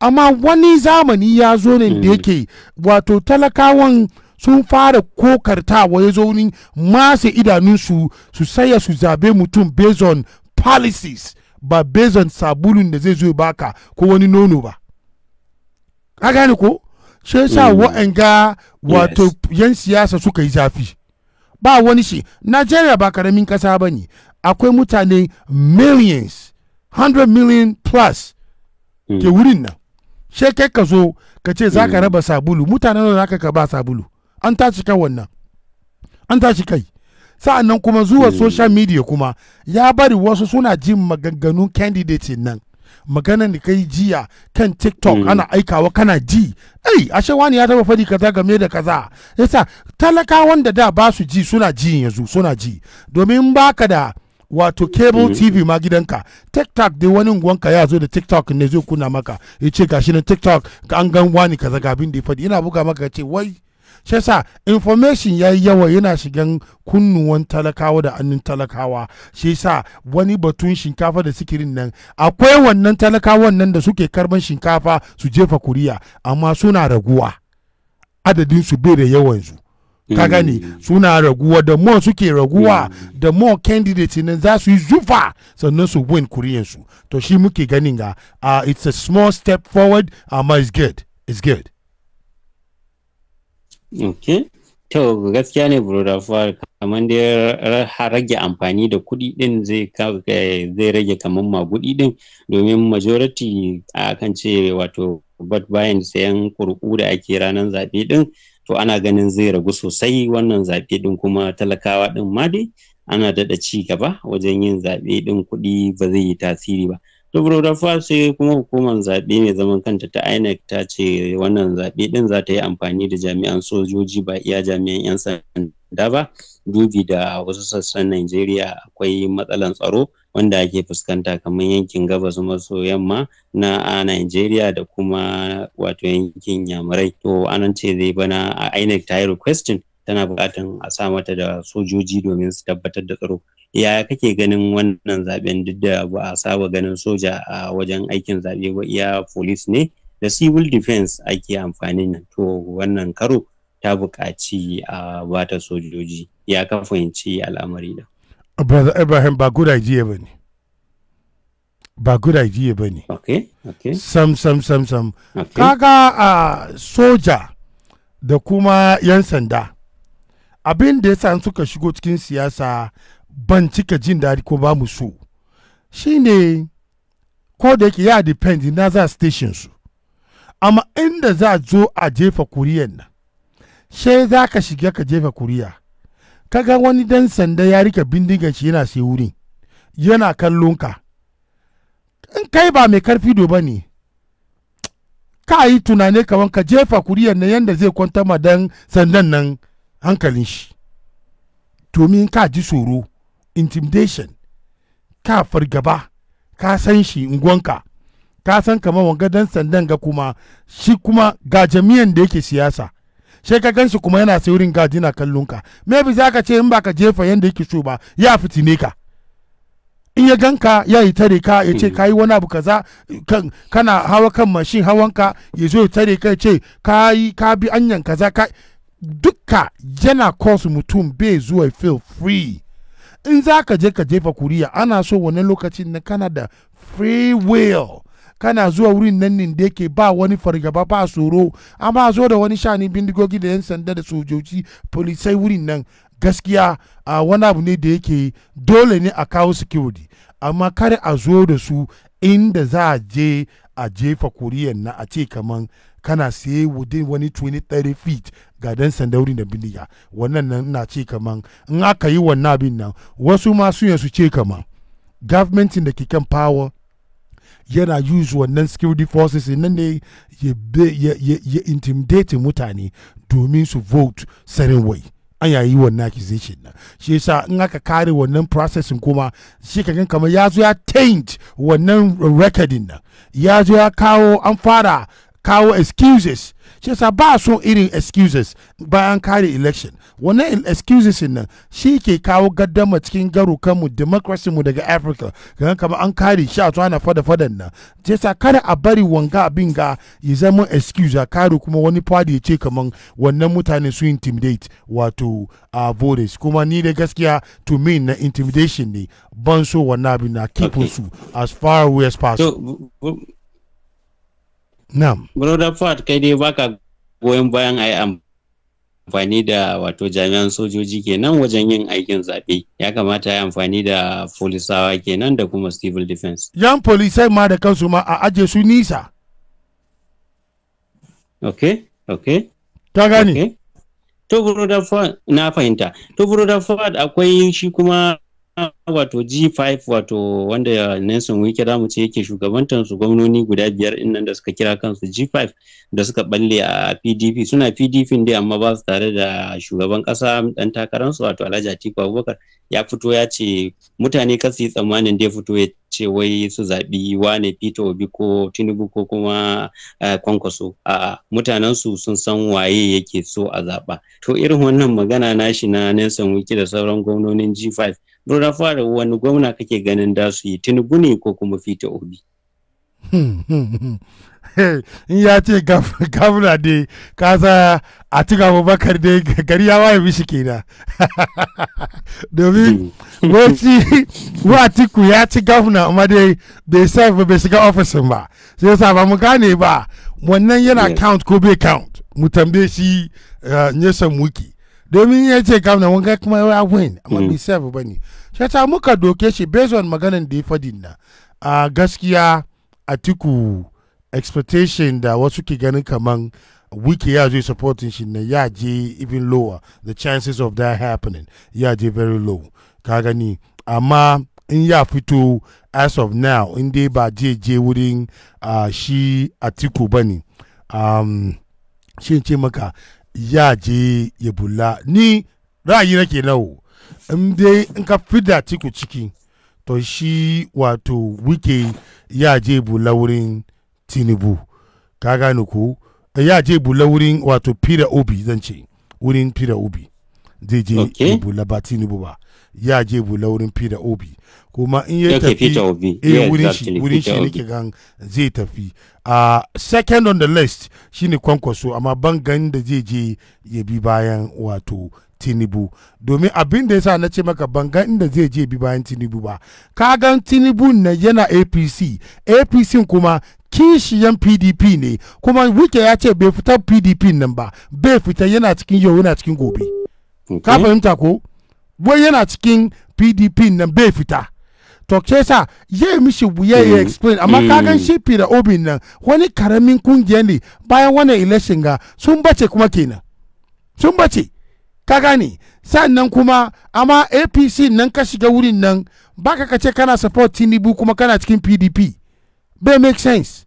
amma wani zamani ya zo ne da hmm. yake wato talakawan sun fara kokartawa ya zo ni masu idanunsu su saya su zabe mutum based on policies ba based on sabulun da zai zo baka ko wani nono ba ka gane ko shi yasa hmm. wa'anga wato yan siyasa suka yi zafi ba wani shi nigeria ba karamin kasa ba ne akwai mutane millions 100 million plus ke hmm. wurin nan she kai ka zo ka ce za ka eh. raba sabulu mutanen da za ka ba sabulu an tashi kai wannan an tashi kai sa'annan kuma zuwa eh. social media kuma ya bari wasu suna jin maganganun candidate nan maganan da kai jiya kan tiktok eh. ana aikawa kana ji ai ashe wani ya taba fadi kaza game da kaza yasa talakawan da da ba su ji suna ji yanzu suna ji domin baka da wato cable eh. tv ma gidanka tiktok dai wani unguwanka ya zo da tiktok ne zai kuna maka ya ce gashi na tiktok an gan wani kaza abin da ya faɗi ina buga maka ce wai shi sa information ya yi yawa yana shigan kunnuwan talakawa da annin talakawa shi sa wani batun shinkafa da sikirin nan akwai wannan talakawan nan da suke karban shinkafa su jefa kuriya amma suna raguwa adadin su bai da yawan su Mm. ka gani suna raguwa da more suke raguwa mm. da more candidate nan za su yi zufa sannan su win kuriyansu to shi muke ganin ga it's a small step forward amma it's good it's good okay to gaskiya ne broda far kamar da rage amfani da kudi din zai eh, zai rage kamar magudi din domin majority a kan ce wato bat bayan sayan kurku da ake ranar zaɓe din to ana ganin zai ragu sosai wannan zaɓe ɗin kuma talakawa ɗin ma dai ana daɗa ci gaba wajen yin zaɓe ɗin kuɗi ba zai yi tasiri ba saboda da face kuma hukumar zaɓe mai zaman kanta ta inec ta ce wannan zaɓe ɗin za ta yi amfani da jami'an sojoji ba iya jami'an 'yan sanda ba dubi da wasu sassan najeriya akwai matsalan tsaro wanda ake fuskanta kamar yankin gabas maso yamma na a najeriya da kuma wato yankin yamurai to anan ce zai bana a inec ta yi requesting tana buƙatar a sa mata da sojoji domin su tabbatar da tsaro yaya kake ganin wannan zaben duk da ba a saba ganin soja a wajen aikin zaɓe ba iya polis ne da civil defense ake amfani nan to wannan karo ta buƙaci a bata sojoji ya ka fahimci al'amari da brother ibrahim ba good idea ba ne ba good idea ba ne okay, okay. sam sam sam sam okay. kaga a uh, soja da kuma 'yan sanda abin da yasa suka shigo cikin siyasa ban cika jin daɗi ko ba mu so shine ko da yake ya depend na za station su amma inda za zo a jefa kuriyan nan sai za ka shiga ka jefa kuriya ga wani dan sanda ya rike bindigan shi yana sai wurin yana kallon ka in kai ba mai karfi do ba ne ka yi tunane kawan ka jefa kuriyan nan yanda zai kwanta ma dan sandan nan hankalin shi domin ka ji tsoro intimidation ka fargaba ka san shi ungwanka ka san kamar wanga dan sandan ga kuma shi kuma ga jami'an da yake siyasa sai ka gan shi kuma yana saurin gaji na kallon ka maybe za ka ce in ba ka jefa yanda yake so ba ya fitine ka in ya ganka ya yi tare ka ya ce hmm. kayi wani abu kaza kana hawa kan mashin hawanka ya zo ya tare ka ya ce ka bi anyan kaza ka duka yana kosu mutum bai zuwa feel free in za ka je ka jefa kuriya ana so wani lokaci na kana da free will kana zuwa wurin nan ne da yake ba wani fargaba ba tsoro amma zo da wani shani bindigogi da yan sanda da sojoji polisai wurin nan gaskiya a wani abu ne da yake dole ne a kawo security amma kar a zo da su inda za a je a jefa kuriyan na a ce kaman kana siya within wani 20-30 feet ga dan sandauri da biliya wannan nan ina ce kaman in aka yi wannan abin nan wasu ma su yansu ce kaman gwamnatin da ke kan power yana use wannan security forces nan ne ya intimidate mutane domin su vote certain way an yayi wannan accusation na shi yasa in aka kare wannan processing kuma shi ka gan kamar ya zo ya taint wannan recording na ya zo ya kawo an fara kawo excuses shi yasa ba so irin excuses bayan kare election wannan excuses nan shi ke kawo gaddama cikin kanmu democracy mu daga africa ga kamar an kare shi a tsohana fada fadan nan shi yasa kada a bari wanga abin ga ya zama excuse a kare kuma wani party ya ce kamar wannan mutane su intimidate wato a voters kuma ni da gaskiya to me na intimidation ne ban so wannan abin na keep su as far away as possible Nam. Brother Fat kai dai baka goyon bayan a yi amfani da wato jami'an sojoji kenan wajen yin aikin zaɓe. Ya kamata ya amfani da folisawa kenan da kuma civil defense. Yan polisai ma da kansu ma a aje su nisa. Ok, ok. Ta gani. Okay. To Brother Fat na fahimta. To Brother Fat akwai shi kuma wato G5 wato wanda Nelson Wike da mu ce yake shugabantar su gwamnoni guda biyar nan da suka kira kansu G5 da suka balle a PDP suna PDP dai amma ba su tare da shugaban kasa dan takararsu wato Alhaji Atiku Abubakar ya fito ya ce mutane kasu yi tsammanin dai fito ya ce wai su zaɓi wane Peter Obi ko Tinubu ko kuma eh, Kwankwaso a mutanen su sun san waye yake so a zaɓa to irin wannan magana nashi na Nelson Wike da sauran gwamnonin G5 Rura fara wani gwamna kake ganin da su yi Tinubu ne ko kuma Fita Obi? [laughs] in ya ce gamuna ne kasa a cikin abubakar ne gari ya waye mishi kenan [laughs] domin hmm. wasu [laughs] tiku ya ci gamuna amma dai bai sai ba bai shiga ofisin ba sai yasa ba mu gane ba wannan yana count ko bai count mu tambaye shi uh, nyesan muki. domin ya ce kamna wanga kuma ya win amma bi sabu ba ne shi ta muka doke shi based on maganan da ya faɗi na a gaskiya atiku expectation da wasu ke ganin kaman wiki ya zai supporting shi na ya je even lower the chances of that happening ya je very low ka gani amma in ya fito as of now in dai ba je je wurin shi shi atiku ba ne um, shi ce maka ya je ya bulla ni ra'ayi nake nawo in dai in ka fida ciku ciki to shi wato wike ya je bula wurin tinubu ka gane ko ya je bula wurin wato pira obi zan ce wurin pira obi zai je okay. bula ba tinubu ba ya je bula wurin pira obi kuma in ya tafi eh wurin shi wurin shi gan zai tafi a ah, second on the list shine kwankwaso amma ban ganin da zai je ya bi bayan wato tinubu domin abin da yasa na ce maka ban ga inda zai je bi bayan tinubu ba ka gan tinubu na yana apc apc kuma kishiyan pdp ne kuma wike ya ce bai fita pdp nan ba bai fita yana cikin yau yana cikin gobe ka fahimta ko wai yana cikin pdp nan bai fita to ke sa ya mishi buye ya explain amma mm. kagan shi da obin nan wani karamin kungiya ne bayan wannan election ga sun bace kuma kenan sun bace ka gani sannan kuma amma apc nan ka shiga wurin nan baka ka ce kana support tinibu kuma kana cikin pdp bai make sense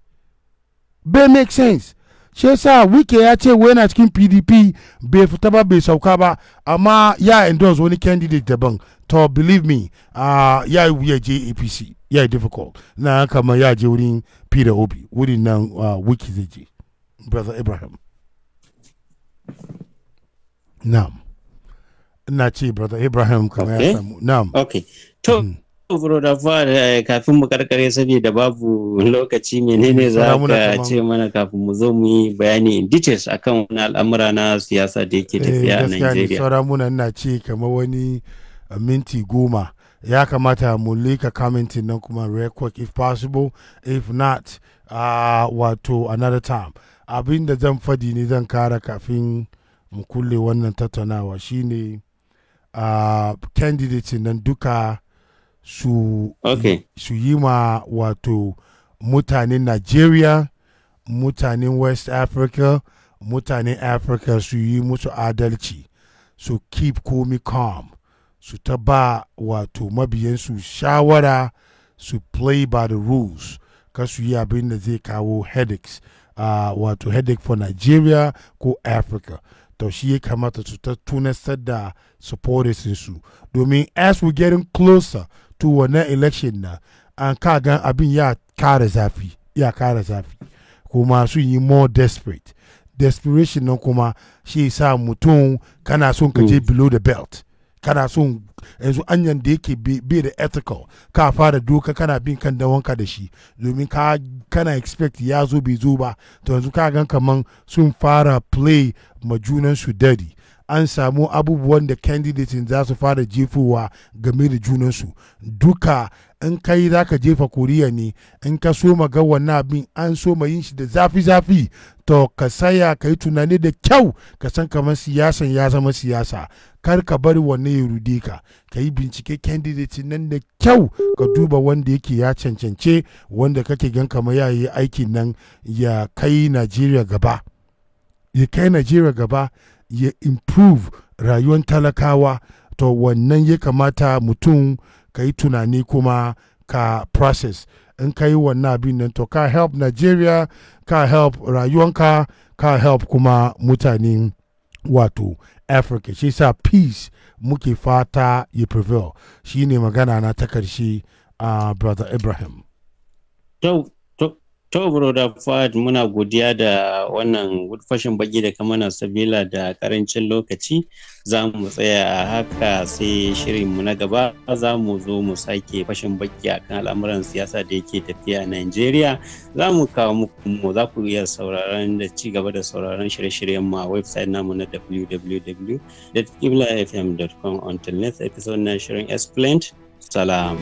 bai make sense shi sa wike ya ce wena cikin pdp bai fita ba bai sauka ba amma ya endorse wani candidate daban to believe me uh, ya yi wuya je apc ya yi difficult na kama ya je wurin peter obi wurin nan uh, wiki zai je brother ibrahim na ce brother ibrahim kamar ya samu na'am okay to mm-hmm. Eh, kafin mu karkare saboda babu lokaci menene za ka ce mana kafin mu zo mu yi bayani in details akan wani al'amura na siyasa da yake eh, tafiya a Najeriya. Gaskiya muna ina ce kamar wani eh, minti goma ya kamata mu lika commenting nan kuma record if possible if not uh, wato another time abin da zan fadi ne zan kara kafin mu kulle wannan tattaunawa shine uh, candidate nan duka su okay. su yi ma wato mutanen Nigeria mutanen West Africa mutanen Africa su yi musu adalci su keep komi calm su ta ba wato mabiyansu shawara su play by the rules ka su yi abin da zai kawo headaches uh, wato headache for Nigeria ko Africa to shi ya kamata su ta tunasar da supporters su domin as we getting closer to wannan election na an ka gan abin ya kara zafi ya kara zafi kuma sun yi more desperate desperation nan kuma shi sa mutum kana son ka je mm. below the belt kana son yanzu anyan da yake be da ethical ka fara doka kana bin kan wanka da shi domin ka kana expect ya zo bai zo ba to yanzu ka gan kaman sun fara play ma su dadi an samu abubuwan da candidates za su fara jefowa game da junansu duka in kai za ka jefa koriya ne in ka so ga wannan abin an so ma yin shi da zafi-zafi to ka saya ka yi tunani da kyau ka san kamar siyasan ya zama siyasa kar ka bari wannan ya rude ka ka yi bincike candidates nan da kyau ka duba wanda yake ya cancance wanda kake gan kamar ya yi aikin nan ya kai najeriya najeriya gaba ya improve rayuwar talakawa to wannan ya kamata mutum ka yi tunani kuma ka process in ka yi wannan abin nan to ka help nigeria ka help rayuwanka ka help kuma mutanen wato africa shi sa peace muke fata ya prevail shi ne magana na ta karshe a uh, brother ibrahim To, Broda Fuad, muna godiya da wannan fashin baki da kamana sabila da karancin lokaci za mu tsaya a haka sai shirin shirinmu na gaba za mu zo mu sake fashin baki a kan al'amuran siyasa da yake tafiya a Najeriya. Za mu kawo muku za ku iya sauraron da ci gaba da sauraron shirye-shiryen mu a website namu na www.kiblafm.com on till next episode na shirin Explained. Salam.